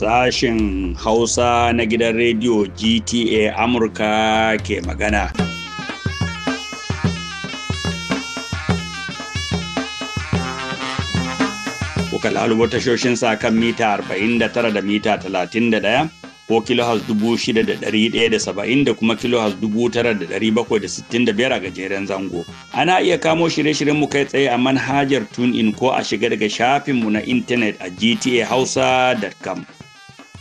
Sashen Hausa na gidan rediyo GTA Amurka ke magana. Kuka lalubo tashoshin sa kan mita 49 da mita 31 ko kilohas dubu shida da ɗari ɗaya da saba'in da kuma kilohas dubu tara da ɗari bakwai da sittin da biyar a gajeren zango. Ana iya kamo shirye-shiryen mu kai tsaye a manhajar tun in ko a shiga daga shafin mu na intanet a gtahausa.com.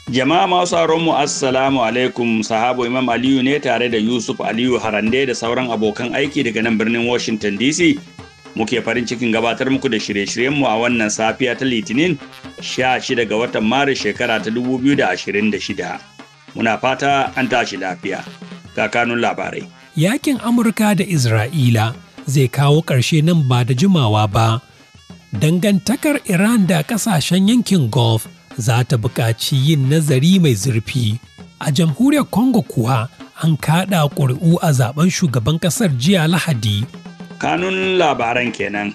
Jama'a masu mu Assalamu alaikum sahabo Imam Aliyu ne tare da Yusuf Aliyu Harande da sauran abokan aiki daga nan birnin Washington DC muke farin cikin gabatar muku da shirye-shiryenmu a wannan safiya ta litinin 16 ga watan maris shekara ta 2026 muna fata an tashi lafiya kakanun labarai yakin amurka da isra'ila zai kawo ƙarshe nan ba da jimawa ba dangantakar iran da ƙasashen yankin gulf za ta buƙaci yin nazari mai zurfi a jamhuriyar congo kuwa an kaɗa ƙuri'u a zaben shugaban ƙasar jiya lahadi kanun labaran kenan.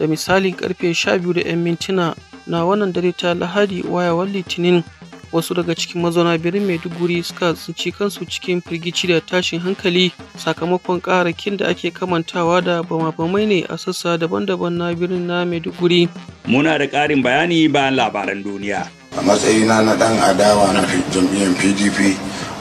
Da misali karfe biyu da 'yan mintuna na wannan dare ta Lahadi wayawar Litinin wasu daga cikin mazauna birnin Maiduguri suka tsinci kansu cikin firgici da tashin hankali sakamakon kin da ake kamantawa da bama-bamai ne a sassa daban-daban na birnin na Maiduguri. Muna da ƙarin bayani bayan labaran duniya. A matsayina na ɗan adawa na jam'iyyar PDP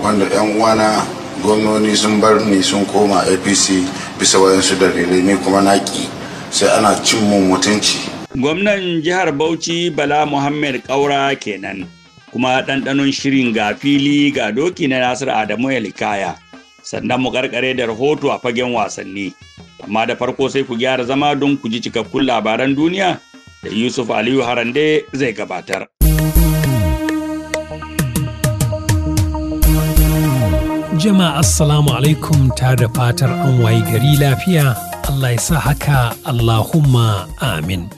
wanda 'yan uwana gwamnoni sun bar ni sun koma apc bisa wayansu dalilai ni kuma naki sai ana cin mun mutunci gwamnan jihar bauchi bala muhammad kaura kenan kuma ɗanɗanon shirin ga fili ga doki na nasir adamu likaya sannan mu karkare da rahoto a fagen wasanni amma da farko sai ku gyara zama don ku ji cikakkun labaran duniya da yusuf aliyu harande zai gabatar Jama'a Assalamu alaikum ta da fatar an wayi gari lafiya, Allah ya sa haka Allahumma amin.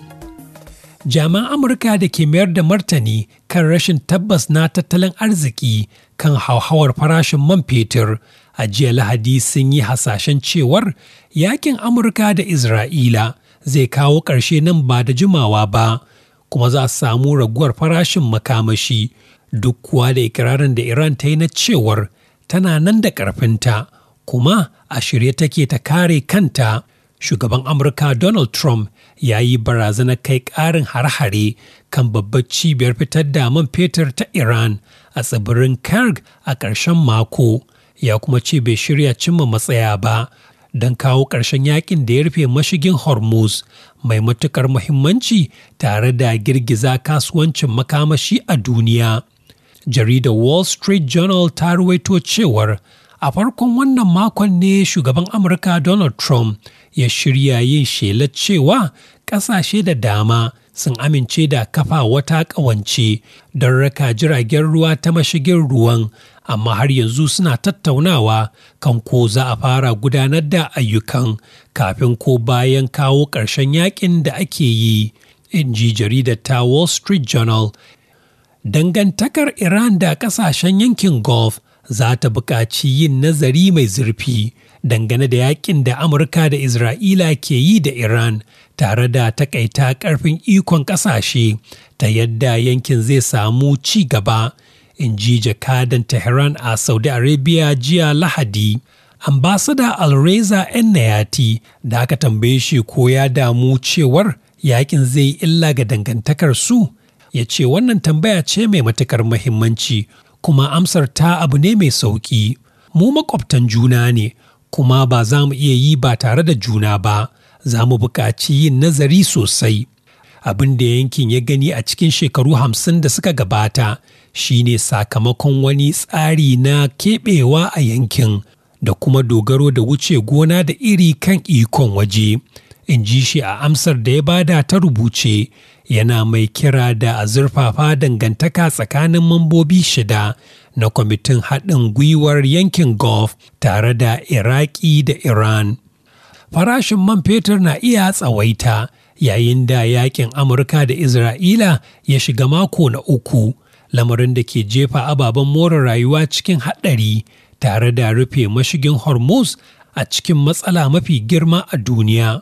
Jama'a Amurka da ke mayar da martani kan rashin tabbas na tattalin arziki kan hauhawar farashin man fetur a jiya Lahadi sun yi hasashen cewar yakin Amurka da Isra'ila zai kawo ƙarshe nan ba da jimawa ba, kuma za a samu raguwar farashin makamashi duk kuwa da ikirarin da Iran ta yi na cewar tana nan da ƙarfinta kuma a shirye take ta kare kanta shugaban amurka donald trump ya yi barazanar kai ƙarin har-hare kan babbar cibiyar fitar da man fetur ta iran a tsibirin kerg a ƙarshen mako ya kuma ce bai shirya cimma matsaya ba don kawo ƙarshen yakin da ya rufe mashigin hormuz mai matuƙar muhimmanci tare da girgiza kasuwancin makamashi a duniya jaridar wall street journal ta ruwaito cewar a farkon wannan makon ne shugaban amurka donald trump ya shirya yin shelar cewa ƙasashe da dama sun amince da kafa wata kawance don raka jiragen ruwa ta mashigin ruwan amma har yanzu suna tattaunawa kan ko za a fara gudanar da ayyukan kafin ko bayan kawo ƙarshen yakin da ake yi in ji jaridar ta wall street journal dangantakar Iran da kasashen yankin Gulf za ta buƙaci yin nazari mai zurfi dangane da yakin da Amurka da Isra'ila ke yi da Iran tare da takaita ƙarfin ikon ƙasashe ta yadda yankin zai samu ci gaba, in ji jakadan Tehran a Saudi Arabia jiya Lahadi. Ambasada Alreza Ennayati da aka tambaye shi ko ya damu cewar yakin zai illa ga dangantakar su. ya ce wannan tambaya ce mai matukar muhimmanci kuma amsar ta abu ne mai sauƙi. Mu makwabtan juna ne, kuma ba za mu iya yi ba tare da juna ba, za mu buƙaci yin nazari sosai. Abin da yankin ya gani a cikin shekaru hamsin da suka gabata shine sakamakon wani tsari na keɓewa a yankin da kuma dogaro da wuce gona da iri kan ikon waje. In ji shi a amsar da ya bada ta rubuce yana mai kira da azurfafa zurfafa dangantaka tsakanin mambobi shida na kwamitin haɗin gwiwar yankin gulf tare da iraki da iran farashin man fetur na iya tsawaita yayin da yakin amurka da isra'ila ya shiga mako na uku lamarin da ke jefa ababen more rayuwa cikin haɗari tare da rufe mashigin hormuz a cikin matsala mafi girma a duniya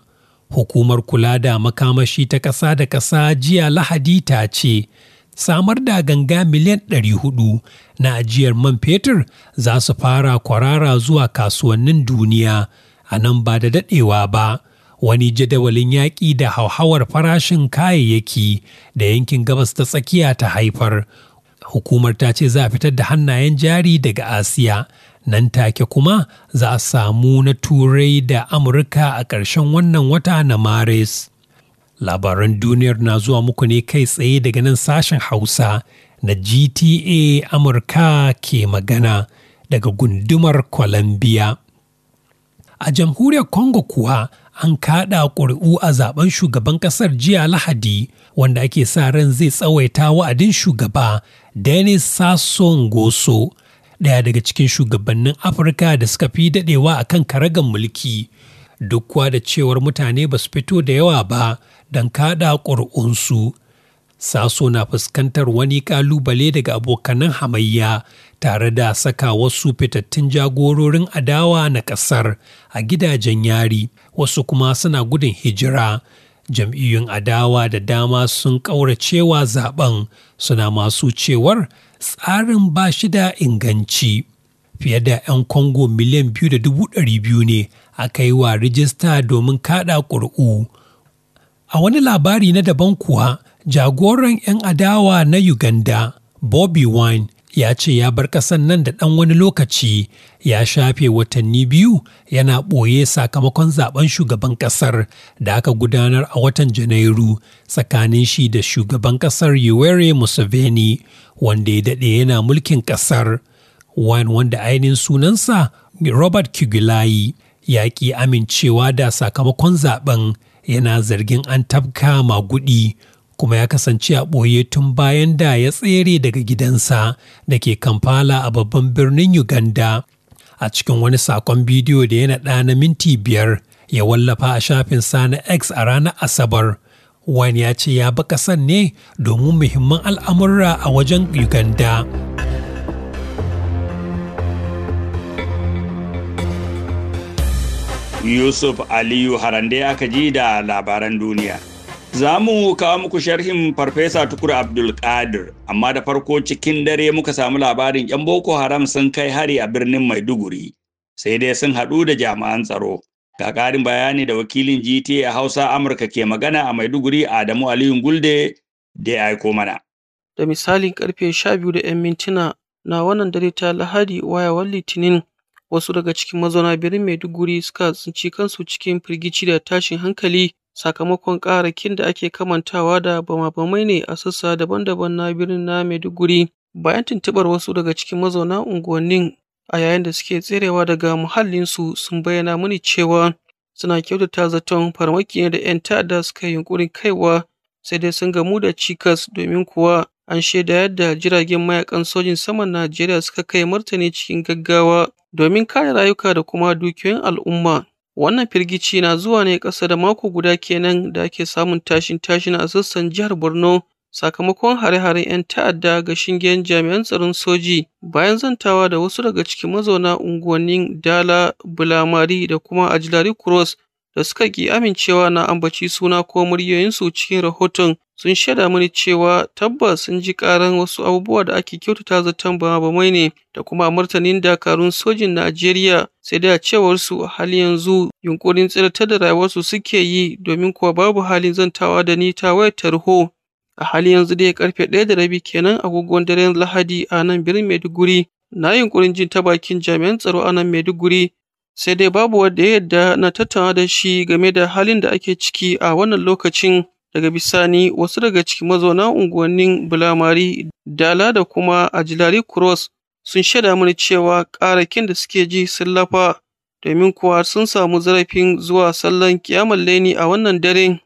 Hukumar kula da makamashi ta ƙasa da ƙasa jiya Lahadi ta ce, samar da ganga miliyan 400 na ajiyar man fetur za su fara kwarara zuwa kasuwannin duniya a nan ba da daɗewa ba. Wani jadawalin yaƙi da hauhawar farashin kayayyaki da yankin gabas ta tsakiya ta haifar. Hukumar ta ce za a fitar da hannayen jari daga Asiya nan take kuma za a samu na turai da amurka a ƙarshen wannan wata na maris labaran duniyar na zuwa muku ne kai tsaye daga nan sashen hausa na gta amurka ke magana daga gundumar columbia a jamhuriyar congo kuwa an kaɗa ƙuri'u a zaben shugaban ƙasar jiya lahadi wanda ake sa ran zai tsawaita wa'adin shugaba denis sasson goso ɗaya daga cikin shugabannin afirka da suka fi daɗewa a kan karagan mulki duk kuwa da cewar mutane ba su fito da yawa ba don kaɗa ƙuri'unsu saso na fuskantar wani ƙalubale daga abokanan hamayya tare da saka wasu fitattun jagororin adawa na ƙasar a gidajen yari wasu kuma suna gudun hijira jam'iyyun adawa da dama sun ƙauracewa zaben suna masu cewar tsarin ba shi da inganci. Fiye da 'yan Kongo miliyan biyu da dubu ɗari biyu ne aka yi wa rijista domin kaɗa ƙuri'u. A wani labari na daban kuwa, jagoran 'yan adawa na Uganda, Bobby Wine, ya ce ya bar ƙasan nan da ɗan wani lokaci ya shafe watanni biyu yana ɓoye sakamakon zaben shugaban ƙasar da aka gudanar a watan janairu tsakanin shi da shugaban ƙasar yoweri museveni wanda ya daɗe yana mulkin ƙasar wani wanda ainihin sunansa robert kigulayi ya ƙi amincewa da sakamakon zaben yana zargin an tabka magudi kuma ya kasance a ɓoye tun bayan da ya tsere daga gidansa da ke Kampala a babban birnin Uganda. A cikin wani sakon bidiyo da ya naɗa na minti biyar ya wallafa a shafin sa na X a ranar Asabar. Wani ya ce ya baka san ne domin muhimman al'amurra a wajen Uganda. Yusuf Aliyu Harande aka ji da labaran duniya. Za mu kawo muku sharhin Farfesa Tukur Abdulkadir, amma da farko cikin dare muka samu labarin 'yan Boko Haram sun kai hari a birnin Maiduguri, sai dai sun haɗu da jami'an tsaro. Ga ƙarin bayani da wakilin GTA a Hausa Amurka ke magana a Maiduguri Adamu Aliyu Gulde da ya aiko mana. Da misali karfe 12 da 'yan mintuna na wannan dare ta Lahadi wayawar Litinin wasu daga cikin mazauna birnin Maiduguri suka tsinci kansu cikin firgici da tashin hankali sakamakon ƙarakin da ake kamantawa da bama-bamai ne a sassa daban-daban na birnin na Maiduguri bayan tuntuɓar wasu daga cikin mazauna unguwannin a yayin da suke tserewa daga muhallinsu sun bayyana mini cewa suna kyautata zaton farmaki ne da 'yan ta'adda suka yi yunkurin kaiwa sai dai sun gamu da cikas domin kuwa an shaida yadda jiragen mayakan sojin saman Najeriya suka kai martani cikin gaggawa domin kare rayuka da kuma dukiyoyin al'umma. Wannan firgici na zuwa ne ƙasa da mako guda kenan da ake samun tashin tashin a sassan jihar Borno sakamakon hare-haren 'yan ta'adda ga shingen jami'an tsaron soji bayan zantawa da wasu daga cikin mazauna unguwannin Dala Bulamari da kuma Ajilari Cross da suka ki amincewa na ambaci suna ko muryoyinsu cikin rahoton sun shaida mini cewa tabbas sun ji karan wasu abubuwa da ake kyautata zaton bamai ne da kuma martanin dakarun sojin Najeriya sai da cewarsu a hali yanzu yunkurin tsirata da rayuwarsu suke yi domin kuwa babu halin zantawa da ni ta wayar tarho a hali yanzu dai karfe ɗaya da rabi kenan agogon daren Lahadi a nan birnin Maiduguri na yunkurin jin ta bakin jami'an tsaro a nan Maiduguri sai dai babu wanda ya yarda na tattauna da shi game da halin da ake ciki a wannan lokacin daga bisani wasu daga cikin mazauna unguwannin bulamari dala da kuma ajilari cross sun shaida mini cewa ƙarakin da suke ji sun lafa domin kuwa sun samu zarafin zuwa sallan kiyamar laini a wannan daren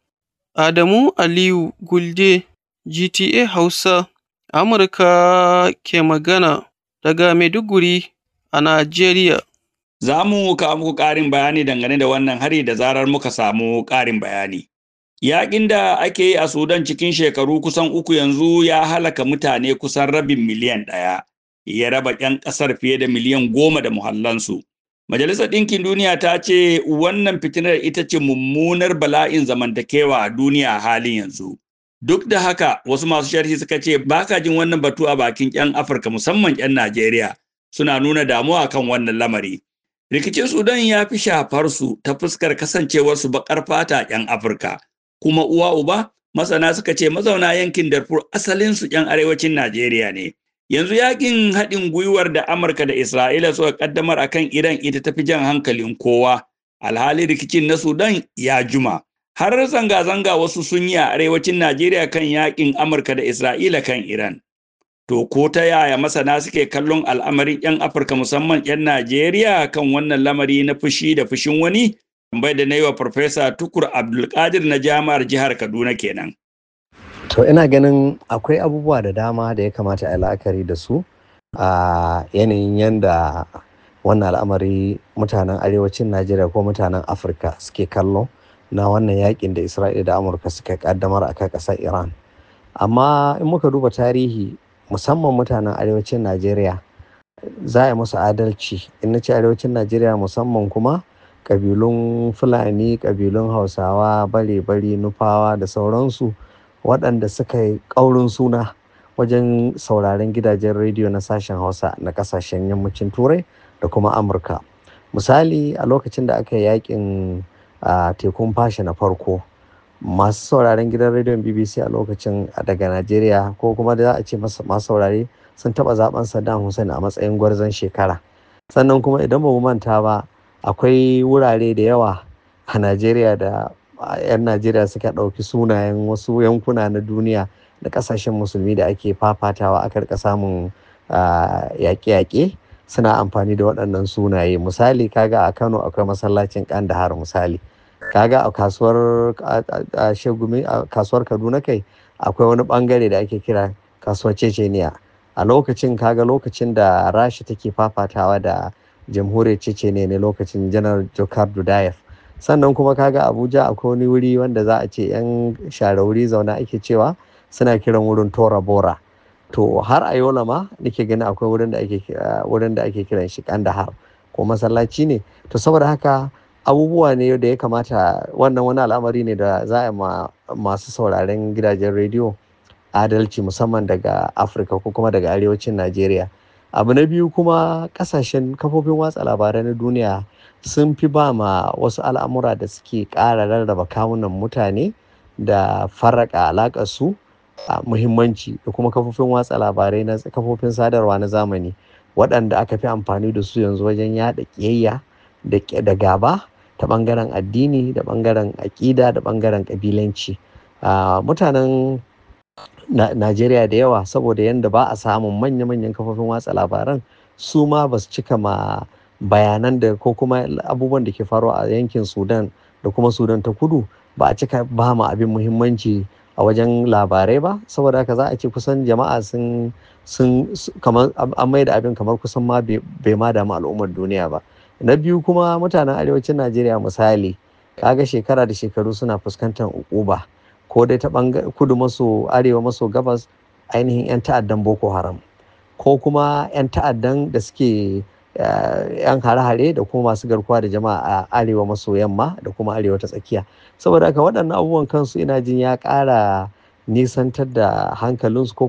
adamu aliyu gulde gta hausa amurka ke magana daga maiduguri a najeriya Za mu ka muku ƙarin bayani dangane da wannan hari da zarar muka samu ƙarin bayani. Yaƙin da ake yi a Sudan cikin shekaru kusan uku yanzu ya halaka mutane kusan rabin miliyan ɗaya, ya raba 'yan ƙasar fiye da miliyan goma da muhallansu. Majalisar Ɗinkin Duniya ta ce wannan fitinar ita ce mummunar bala'in zamantakewa a duniya a halin yanzu. Duk da haka wasu masu sharhi suka ce ba ka jin wannan batu a bakin 'yan Afirka musamman 'yan Najeriya suna nuna damuwa kan wannan lamari. Rikicin Sudan ya fi shafar su ta fuskar kasancewar su baƙar fata 'yan Afirka, kuma uwa uba masana suka ce mazauna yankin Darfur su 'yan arewacin Najeriya ne. Yanzu yakin haɗin gwiwar da Amurka da Isra'ila suka kaddamar akan Iran ita tafi jan hankalin kowa. Alhali rikicin na Sudan ya juma. Har zanga-zanga wasu sun yi a arewacin Najeriya kan yakin Amurka da Isra'ila kan Iran. To ko ta yaya masana suke kallon al'amarin 'yan Afirka musamman 'yan Najeriya kan wannan lamari na fushi da fushin wani? tambai da na yi wa Farfesa Tukur Abdulkadir na jami'ar jihar Kaduna kenan. To ina ganin akwai abubuwa da dama da ya kamata a la'akari da su a yanayin yanda wannan al'amari mutanen arewacin Najeriya ko mutanen Afirka suke kallo na wannan yakin da Isra'ila da Amurka suka kaddamar akan ƙasar Iran. Amma in muka duba tarihi musamman mutanen arewacin najeriya za a yi musu adalci in na ce arewacin najeriya musamman kuma ƙabilun fulani ƙabilun hausawa bare-bare nufawa da sauransu waɗanda suka yi ƙaurin suna wajen sauraren gidajen rediyo na sashen hausa na ƙasashen yammacin turai da kuma amurka misali a lokacin da aka yi yakin ah, tekun fashi na farko masu sauraren gidan rediyon BBC a lokacin daga Najeriya ko kuma da za a ce masu saurare sun taɓa zaben Saddam Hussein a matsayin gwarzon shekara. Sannan kuma idan ba manta ba akwai wurare da yawa a Najeriya da 'yan Najeriya suka ɗauki sunayen wasu yankuna na duniya da ƙasashen musulmi da ake fafatawa aka rika samun yaƙe-yaƙe suna amfani da waɗannan sunaye misali kaga a Kano akwai masallacin Kandahar misali. kaga a kasuwar shegumi a kasuwar kaduna kai akwai wani bangare da ake kira kasuwar ceceniya a lokacin kaga lokacin da rasha take fafatawa da jamhuriyar ceceniya ne lokacin janar jokar dudayef sannan kuma kaga abuja akwai wani wuri wanda za a ce yan share wuri zaune ake cewa suna kiran wurin tora bora to har a yola ma nake gani akwai wurin da eh, wurin da ake kiran shi kandahar ko masallaci ne to saboda haka abubuwa ne da ya kamata wannan wani al'amari ne da za a ma masu sauraren gidajen rediyo adalci musamman daga afirka ko kuma daga arewacin najeriya abu na biyu kuma kasashen kafofin watsa labarai na duniya sun fi ba ma wasu al'amura da suke ƙara rarraba kamunan mutane da farraka alaƙar su muhimmanci da kuma kafofin watsa labarai na kafofin sadarwa na zamani waɗanda aka fi amfani da su yanzu wajen yaɗa ƙiyayya da gaba ta ɓangaren addini da ɓangaren aƙida da ɓangaren ƙabilanci mutanen najeriya da yawa saboda yadda ba a samun manya-manyan kafofin watsa labaran su ma ba su cika ma bayanan da ko kuma abubuwan da ke faruwa a yankin sudan da kuma sudan ta kudu ba a cika ba ma abin muhimmanci a wajen labarai ba saboda haka za a ce kusan jama'a sun kamar an maida da abin kamar kusan ma bai ma damu al'ummar duniya ba na biyu kuma mutanen arewacin najeriya misali kaga shekara da shekaru suna fuskantar ukuba ko dai ta kudu maso arewa maso gabas ainihin 'yan ta'addan boko haram ko kuma 'yan ta'addan da suke yan eh, hare-hare da kuma masu garkuwa da jama'a a arewa maso yamma da kuma arewa ta tsakiya saboda haka waɗannan abubuwan kansu ina jin ya ƙara nisantar da hankalinsu ko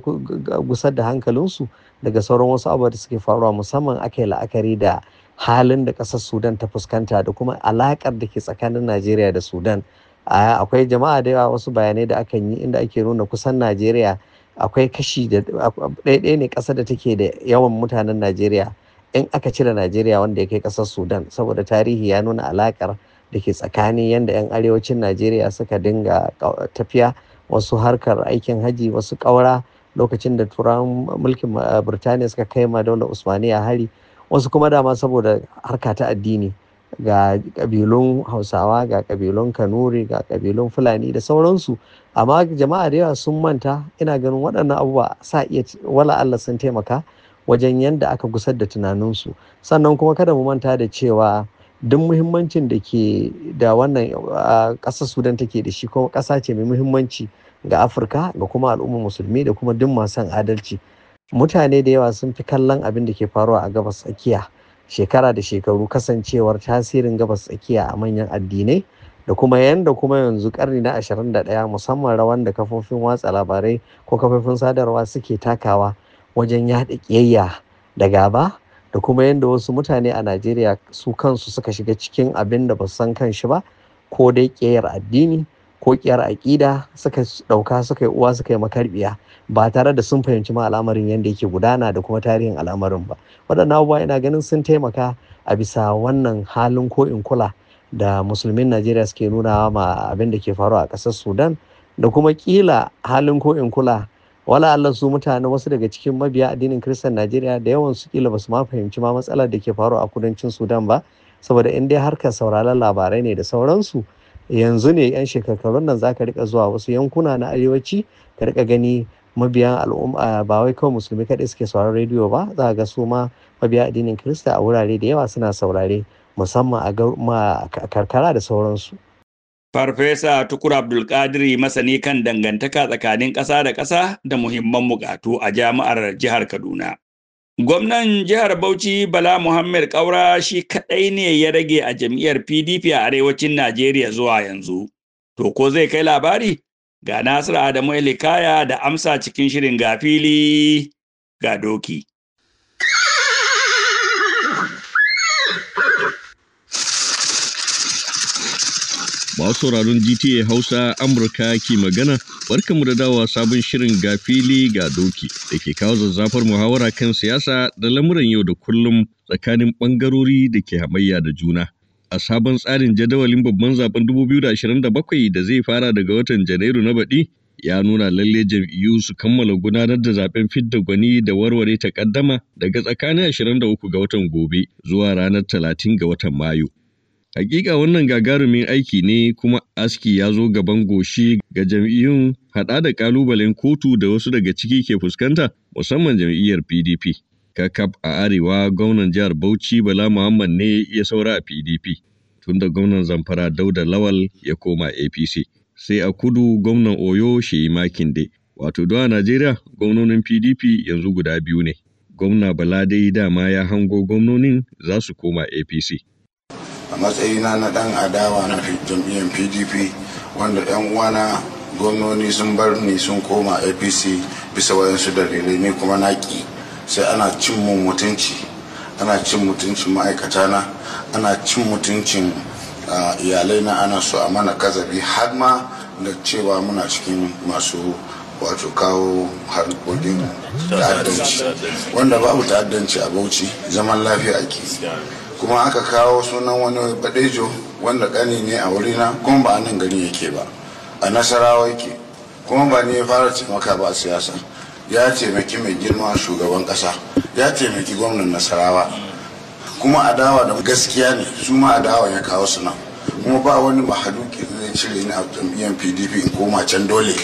gusar da hankalinsu daga sauran wasu abubuwa da suke faruwa musamman aka la'akari da halin da ƙasar sudan ta fuskanta da kuma alaƙar da ke tsakanin najeriya da sudan akwai jama'a da yawa wasu bayanai da akan yi inda ake nuna kusan najeriya akwai kashi da ɗaya ne ƙasar da take da yawan mutanen najeriya in aka cire najeriya wanda ya kai ƙasar sudan saboda tarihi ya nuna alaƙar da ke tsakanin yadda 'yan arewacin najeriya suka dinga tafiya wasu harkar aikin haji wasu ƙaura lokacin da turawan mulkin eh, birtaniya suka kai ma usmaniya hari wasu kuma dama saboda harka ta addini ga kabilun hausawa ga kabilun kanuri ga kabilun fulani da sauransu amma jama'a da yawa sun manta ina ganin waɗannan abubuwa sa iya wala allah sun taimaka wajen yadda aka gusar da tunaninsu sannan kuma kada mu manta da cewa duk muhimmancin da ke da wannan ƙasa sudan take da shi kuma ƙasa ce mai muhimmanci ga afirka ga kuma al'ummar musulmi da kuma duk masu adalci Mutane da yawa sun fi kallon abin da ke faruwa a Gabas Tsakiya shekara da shekaru kasancewar tasirin Gabas Tsakiya a manyan addinai da kuma yanda kuma yanzu karni na 21 musamman rawan da kafofin watsa labarai ko kafofin sadarwa suke takawa wajen yaɗa ƙiyayya da gaba da kuma yadda wasu mutane a Najeriya su kansu suka shiga cikin abin da ba su san kanshi ba ko dai ƙiyayyar addini ko kokiyar aƙida suka ɗauka suka yi uwa suka yi makarɓiya ba tare da sun fahimci ma al'amarin yadda yake gudana da kuma tarihin al'amarin ba waɗannan abubuwa ina ganin sun taimaka a bisa wannan halin ko in kula da musulmin najeriya suke nuna ma abin da ke faruwa a ƙasar sudan da kuma ƙila halin ko in kula wala Allah su mutane wasu daga cikin mabiya addinin kristan najeriya da yawan su ƙila ba su ma fahimci ma matsalar da ke faruwa a kudancin sudan ba saboda in dai harkar sauraron labarai ne da sauransu yanzu ne 'yan shekarun nan za ka rika zuwa wasu yankuna na arewaci ka rika gani mabiyan al'umma ba wai kawai musulmi kaɗai suke sauran rediyo ba za ga su ma mabiya addinin kirista a wurare da yawa suna saurare musamman a karkara da sauransu. Farfesa Tukur Abdulkadiri masani kan dangantaka tsakanin ƙasa da ƙasa da muhimman buƙatu a jami'ar jihar Kaduna. Gwamnan jihar Bauchi Bala Muhammad Kaura shi kaɗai ne ya rage a jam'iyyar PDP a arewacin Najeriya zuwa yanzu. To ko zai kai labari? Ga Nasiru Adamu Elikaya da amsa cikin shirin ga fili ga doki. masu sauraron GTA Hausa Amurka ke magana barkamu da dawowa sabon shirin gafili ga doki da ke kawo zazzafar muhawara kan siyasa da lamuran yau da kullum tsakanin ɓangarori da ke hamayya da juna. A sabon tsarin jadawalin babban zaben 2027 da zai fara daga watan Janairu na baɗi ya nuna lalle jam'iyyu su kammala gudanar da zaben fidda gwani da warware takaddama daga tsakanin 23 ga watan gobe zuwa ranar 30 ga watan Mayu. Hakika wannan gagarumin aiki ne kuma aski ya zo gaban goshi ga jam'iyyun haɗa da ƙalubalen kotu da wasu daga ciki ke fuskanta musamman jam'iyyar PDP. Kakaf a Arewa gwamnan jihar Bauchi Bala Muhammad ne ya saura a PDP tunda gwamnan Zamfara Dauda Lawal ya koma APC. Sai a kudu gwamnan Oyo makin Makinde. Wato a Najeriya gwamnonin PDP yanzu guda biyu ne. Gwamna Bala dai dama ya hango gwamnonin za su koma APC. matsayina na dan adawa na jam'iyyar pdp wanda 'yan uwana gwamnoni sun bar ni sun koma apc bisa wayansu dalilai ni kuma naki sai ana cin mu mutunci ana cin mutuncin ma'aikata na ana cin mutuncin iyalai na ana su a mana kazabi har ma da cewa muna cikin masu wato kawo harkokin mm. ta'addanci wanda babu ta'addanci a bauchi zaman lafiya ake kuma aka kawo sunan wani badejo wanda kani ne a wurina kuma ba nan gari yake ba a nasarawa yake kuma ba ne ya fara taimaka ba a siyasa ya taimaki mai girma shugaban kasa ya taimaki gwamnan nasarawa kuma adawa da gaskiya ne su ma adawa ya kawo suna kuma ba wani ke zai cire ni a jam'iyyar pdp in koma can dole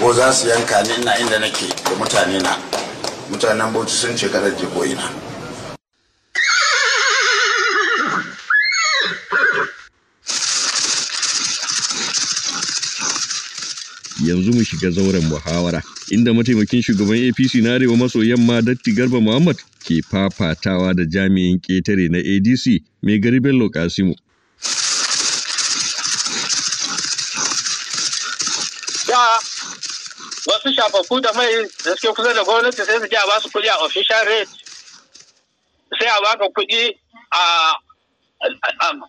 ko za su yanka ni ina inda nake da mutane na mutanen bauchi sun ce kada je ko ina yanzu mu shiga zauren muhawara inda mataimakin shugaban apc na arewa maso yamma datti garba muhammad ke fafatawa da jami'in ƙetare na adc mai gari bello kasimu wasu shafafu da mai da suke kusa da gwamnati sai su ji a ba su kuɗi a official rate sai a ba ka kuɗi a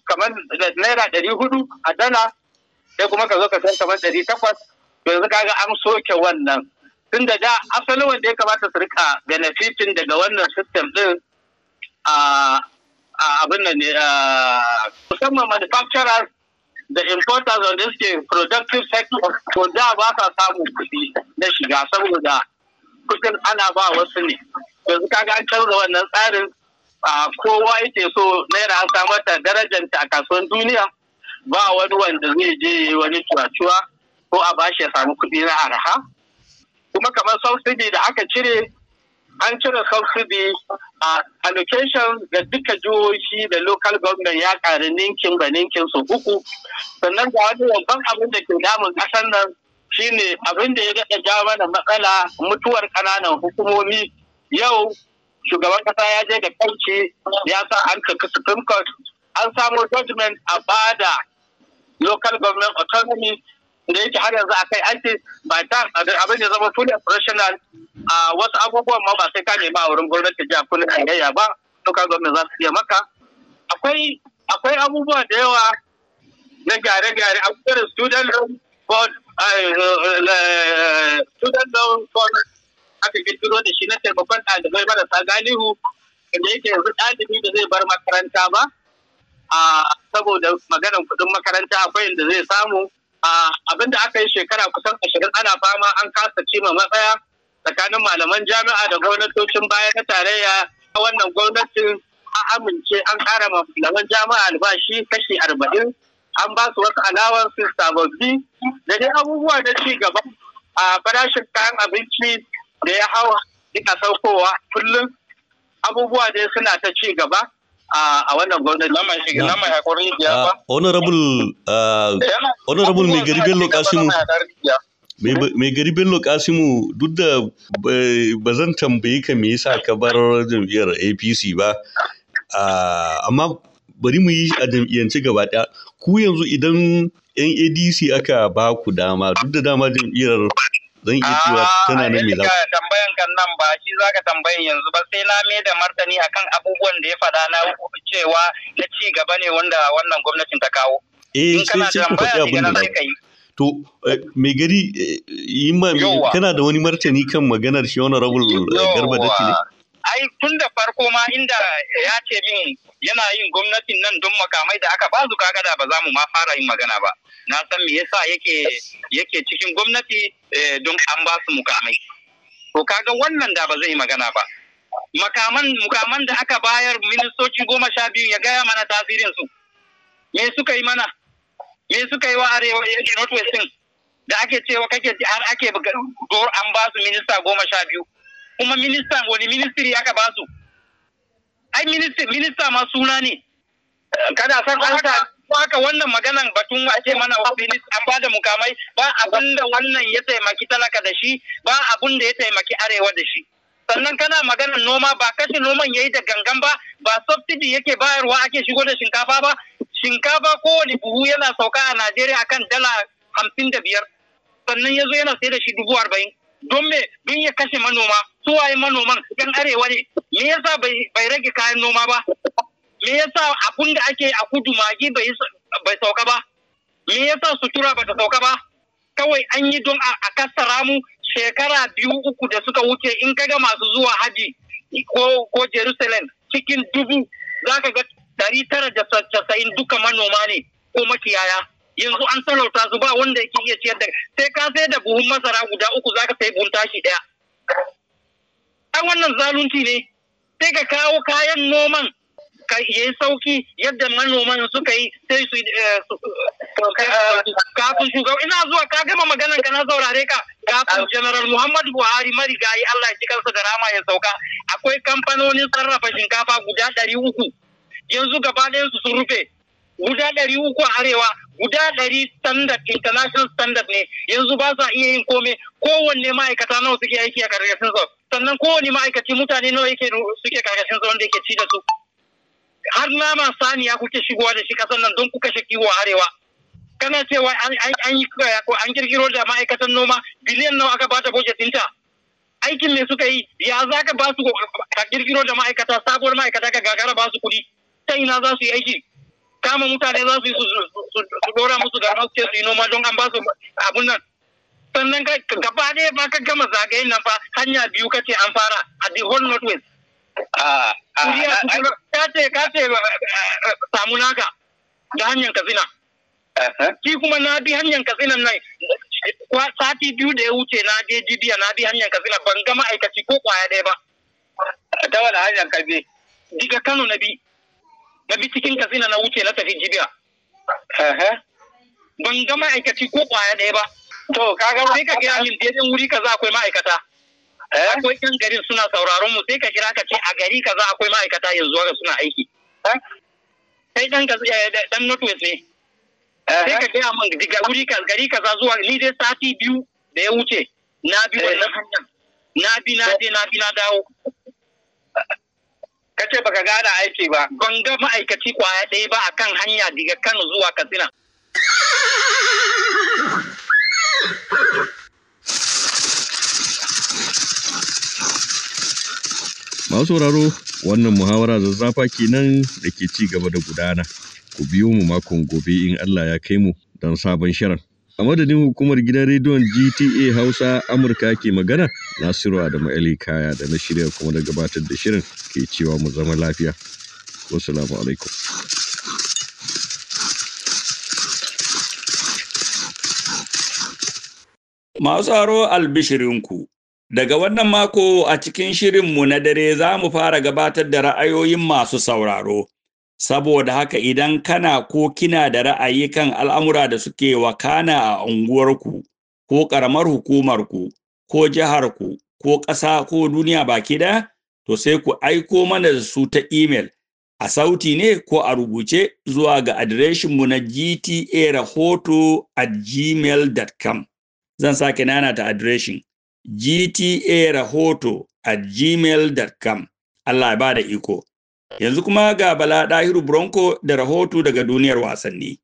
kamar naira ɗari hudu a dala sai kuma ka zo ka san kamar ɗari takwas yanzu kaga an soke wannan tun da da asalin wanda ya kamata su rika benefitin daga wannan system din a abin nan musamman manufacturers da importers wanda suke productive sector ko da ba sa samun kuɗi na shiga saboda kuɗin ana ba wasu ne yanzu kaga an canza wannan tsarin kowa yake so naira an samar da darajanta a kasuwan duniya ba wani wanda zai je wani cuwa-cuwa ko a bashi ya samu kuɗi na araha kuma kamar subsidy da aka cire an cire subsidy a allocation ga duka jihohi da local government ya ƙari ninkin ba ninkin su uku sannan ga wani babban abin da ke damun ƙasar nan shine abin da ya daɗa ja mana matsala mutuwar ƙananan hukumomi yau shugaban ƙasa ya je da kanci ya sa an kaka supreme court an samu judgment a bada local government autonomy da yake har yanzu akai an ce ba ta abin ya zama fully operational a wasu abubuwan ma ba sai ka nema a wurin gwamnati jiya kun gayya ba ka gwamnati za su iya maka akwai akwai abubuwa da yawa na gyare-gyare a kusurin student loan board eh, eh, eh, student loan board aka turo da shi na taimakon ɗalibai marasa galihu da yake yanzu ɗalibi da zai bar makaranta ba ah, saboda maganan kuɗin makaranta akwai inda zai samu abinda aka yi shekara kusan ashirin ana fama an kasa cima matsaya tsakanin malaman jami'a da gwamnatocin baya na tarayya wannan gwamnatin a amince an kara malaman jami'a albashi kashi arba'in an ba su wasu su sababbi da dai abubuwa na ci gaba a farashin kayan abinci da ya hawa yana saukowa kullum abubuwa dai suna ta ci gaba a wannan gwamnati na mai na mai hakurin biya ba honorable honorable mai garibin lokacin mai garibin lokacin duk da ba zan tambayi ka me yasa ka bar jam'iyyar APC ba amma bari mu yi a jam'iyyance gaba ɗaya ku yanzu idan yan adc aka ba ku dama duk da dama jam'iyyar zan iya cewa ah, tana nan me za ka tambayan kan nan ba shi za ka tambayan yanzu ba sai na mai da martani akan abubuwan da ya faɗa na cewa na ci gaba ne wanda wannan gwamnatin ta kawo eh sai sai ku faɗi abin da to eh, mai gari eh, yi ma kana da wani martani kan maganar shi wani rabul eh, garba dake ne ai tun da farko ma inda ya ce min yana yin gwamnatin nan don makamai da aka ba su kaga da ba za mu ma fara yin magana ba na san me yasa yake yake cikin gwamnati eh, don an ba su mukamai to kaga wannan da ba zai magana ba makaman mukaman da aka bayar ministoci goma sha biyu ya gaya mana tasirin su me suka yi mana me suka yi wa arewa da ake cewa kake har ake an ba su minista goma sha biyu kuma ministan wani ministiri aka ba su ai minista ma suna ne kada san an ta haka wannan maganan batun ake mana an ba mukamai ba abin wannan ya taimaki talaka da shi ba abin ya taimaki arewa da shi sannan kana maganan noma ba kashe noman yayi da gangan ba ba subsidy yake bayarwa ake shigo da shinkafa ba shinkafa ko wani buhu yana sauka a najeriya akan dala hamsin da biyar sannan ya zo yana sai da shi dubu arba'in don me bin ya kashe manoma su waye manoman yan arewa ne me yasa bai rage kayan noma ba me yasa abun da ake a kudu magi bai sauka ba me yasa sutura bata sauka ba kawai an yi don a kasara mu shekara biyu uku da suka wuce in kaga masu zuwa haji ko Jerusalem cikin dubu Za ka ga dari tara da casa'in duka manoma ne ko makiyaya yanzu an talauta su ba wanda yake iya ciyar da sai ka sai da buhun masara guda uku zaka sai buhun tashi daya Ɗan wannan zalunci ne sai ka kawo kayan noman ka yi sauki yadda manoman suka yi sai su eh, eh, kafin shugaba ina zuwa ka gama maganar ka na saurare ka kafin general muhammadu buhari marigayi allah ci kansa da rama ya sauka akwai kamfanonin sarrafa shinkafa guda ɗari uku yanzu gaba su sun rufe guda ɗari uku a arewa guda ɗari standard international standard ne yanzu ba sa iya yin komai kowanne ma'aikata nawa suke aiki a karkashin sa sannan kowanne ma'aikaci mutane nawa yake suke karkashin sa wanda yake ci da su har nama saniya kuke shigowa da shi kasan nan don kuka kashe kiwo arewa kana cewa an yi an kirkiro da ma'aikatan noma biliyan nawa aka bata budget ɗinta aikin ne suka yi ya za ka ba su ka kirkiro da ma'aikata sabuwar ma'aikata ka gagara ba su kuɗi ta ina za su yi aiki kama mutane za su su dora musu da su su yi noma don an ba su abun nan sannan gaba ne ba ka gama zagayen nan fa hanya biyu ka ce an fara a the whole north west ka ce ka ce eh, eh, samu naka da hanyar katsina shi kuma na bi hanyar katsinan nan sati biyu da ya wuce na je jibiya na bi hanyar katsina ban gama aikaci ko kwaya ɗaya ba ta wani hanyar kazi diga kano na bi na bi cikin zina na wuce na tafi jibiya ban ga ma'aikaci ko kwaya ɗaya ba to kaga sai ka gaya min daidai wuri ka za akwai ma'aikata eh? akwai ƴan garin suna sauraron mu sai ka kira ka ce a gari kaza akwai ma'aikata yanzu haka suna aiki eh? kai dan ɗan eh, northwest ne sai ka gaya min daga wuri ka gari kaza zuwa ni dai sati biyu da ya wuce na bi wannan hanyar na bi na je na bi na dawo ka ce baka gada aiki ba ban ga ma'aikaci kwaya ɗaya ba a kan hanya daga kano zuwa katsina masu sauraro wannan muhawara zazzafa kenan da ke ci gaba da gudana ku biyo mu makon gobe in allah ya kai mu don sabon shirin A madadin hukumar gidan rediyon GTA Hausa Amurka ke magana, Nasiru Adamu Ali Kaya da na shirya kuma da gabatar da shirin ke cewa mu zama lafiya. Wassalamu alaikum. Masu aro albishirinku, daga wannan mako a cikin shirin mu na dare za mu fara gabatar da ra'ayoyin masu sauraro. saboda haka idan kana ko kina da ra'ayi kan al'amura da suke wakana a unguwarku ko ƙaramar hukumarku ko jiharku ko ƙasa ko duniya baki da to sai ku aiko mana da su ta imel a sauti ne ko a rubuce zuwa ga mu na gta rahoto zan sake nana ta adireshin gta rahoto at gmail.com Allah ba da iko Yanzu kuma ga Bala Dahiru Bronco da rahoto daga duniyar wasanni.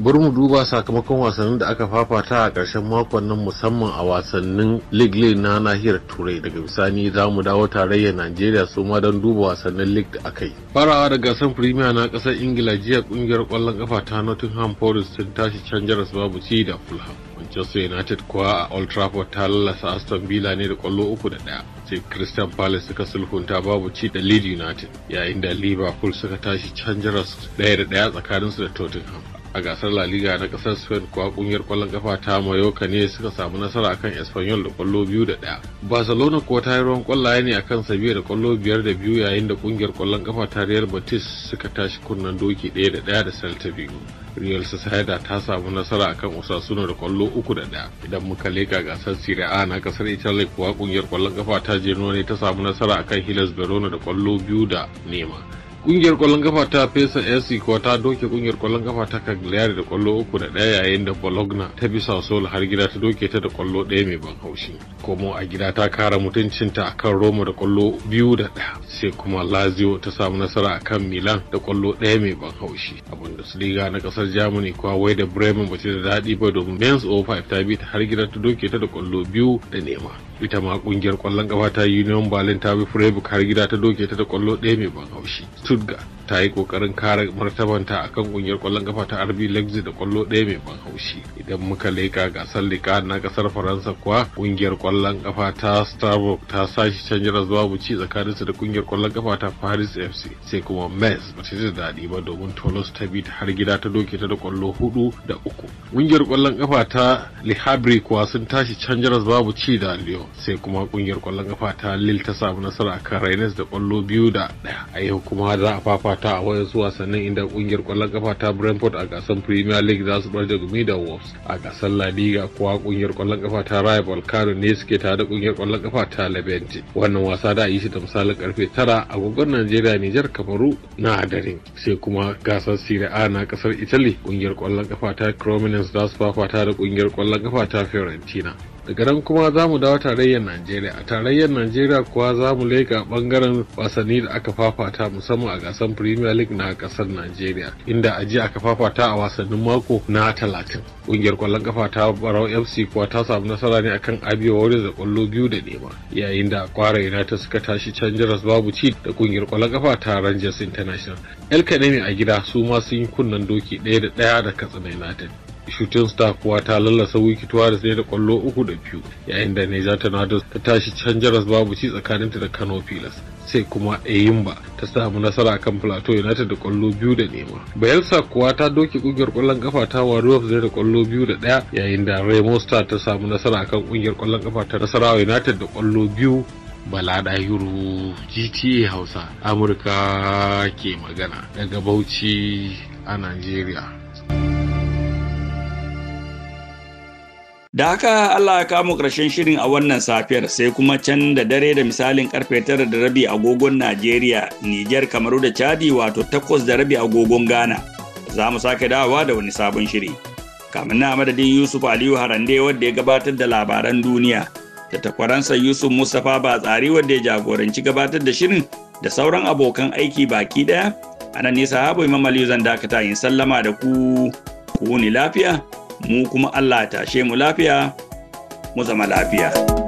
bari mu duba sakamakon wasannin da aka fafata a ƙarshen makon nan musamman a wasannin league league na nahiyar turai daga bisani za mu dawo tarayyar najeriya su ma don duba wasannin league da aka yi farawa da gasar premier na ƙasar ingila jiya ƙungiyar ƙwallon ƙafa ta nottingham forest sun tashi can babu ci da fulham Manchester United kuwa a Old Trafford ta lallasa Aston Villa ne da kwallo uku da ɗaya. Sai Crystal Palace suka sulhunta babu ci da Leeds United yayin da Liverpool suka tashi can ɗaya da ɗaya tsakaninsu da Tottenham. a gasar La Liga na kasar Spain kuwa kungiyar kwallon kafa ta Mallorca ne suka samu nasara akan Espanyol da kwallo biyu da daya Barcelona kuwa ta yi ruwan kwallaye ne akan Sevilla da kwallo biyar da biyu yayin da kungiyar kwallon kafa ta Real Betis suka tashi kunnen doki daya da daya da Celta Vigo. Real Sociedad ta samu nasara akan Osasuna da kwallo uku da daya Idan muka leka gasar Serie A na kasar Italy kuwa kungiyar kwallon kafa ta Genoa ne ta samu nasara akan Hellas Verona da kwallo biyu da nema. kungiyar kwallon kafa ta fesa AC ko ta doke kungiyar kwallon kafa ta cagliari da kwallo uku da daya yayin da bologna ta bi sassuolo har gida ta doke ta da kwallo daya mai ban haushi komo a gida ta kara mutuncinta akan roma da kwallo biyu da daya sai kuma lazio ta samu nasara akan milan da kwallo daya mai ban haushi a bundesliga na kasar germany kuwa wai da bremen ba da daɗi ba domin mainz 05 ta bi ta har gida ta doke ta da kwallo biyu da nema ita ma kungiyar kwallon kafa ta union berlin ta bi freiburg har gida ta doke ta da kwallo ɗaya mai ban haushi stuttgart ta yi kokarin kare martabanta akan kungiyar kwallon kafa ta RB Leipzig da kwallo ɗaya mai ban haushi idan muka leka gasar lika na kasar Faransa kuwa kungiyar kwallon kafa ta Starbuck ta sashi canjira zuwa buci tsakanin su da kungiyar kwallon kafa ta Paris FC sai kuma Metz ba ta da daɗi ba domin Toulouse ta bi ta har gida ta doke ta da kwallo hudu da uku kungiyar kwallon kafa ta Le Havre kuwa sun tashi canjira babu ci da Lyon sai kuma kungiyar kwallon kafa ta Lille ta samu nasara kan Rennes da kwallo biyu da ɗaya a yau kuma za a fafata ta a zuwa wasannin inda kungiyar kwallon kafa ta Brentford a gasar Premier League za su bar da gumi da Wolves a gasar La Liga kuwa kungiyar kwallon kafa ta Rayo Vallecano ne suke tare da kungiyar kwallon kafa ta Levante wannan wasa da yi shi da misalin karfe 9 agogon Najeriya Niger Kamaru na dare sai kuma gasar Serie A na kasar Italy kungiyar kwallon kafa ta Cremonese za su fafata da kungiyar kwallon kafa ta Fiorentina daga nan kuma za mu dawo tarayyar najeriya a tarayyar najeriya kuwa za mu leka bangaren wasanni da aka fafata musamman a gasar premier league na kasar najeriya inda a jiya aka fafata a wasannin mako na talatin kungiyar kwallon kafa ta barau fc kuwa ta samu nasara ne akan abia warriors da kwallo biyu da nema yayin da kwara united suka tashi canjaras babu ci da ƙungiyar kwallon kafa ta rangers international el kademi a gida su ma sun yi kunnen doki ɗaya da ɗaya da katsina united shooting star kuwa ta lallasa wiki tuwaris ne da kwallo uku da biyu yayin da niger tornadoes ta tashi canjaras babu ci tsakaninta da kano pilas sai kuma eyimba ta samu nasara kan plateau united da kwallo biyu da nema bayelsa kuwa ta doke kungiyar kwallon kafa ta warriors ne da kwallo biyu da daya yayin da remo star ta samu nasara kan kungiyar kwallon kafa ta nasarawa united da kwallo biyu bala dahiru gta hausa amurka ke magana daga bauchi a nigeria Da haka Allah ya kamo ƙarshen shirin a wannan safiyar sai kuma can da dare da misalin karfe tara da rabi agogon Najeriya, Nijar, Kamaru da Chadi wato takwas da rabi agogon Ghana. Za mu sake dawowa da wani sabon shiri. Kamin na madadin Yusuf Aliyu Harande wadda ya gabatar da labaran duniya da takwaransa Yusuf Mustapha Batsari wadda ya jagoranci gabatar da shirin da sauran abokan aiki baki ɗaya. A nan nesa Habu Imam Aliyu zan dakata in sallama da ku ku ni lafiya. mu kuma Allah tashe mu lafiya mu zama lafiya.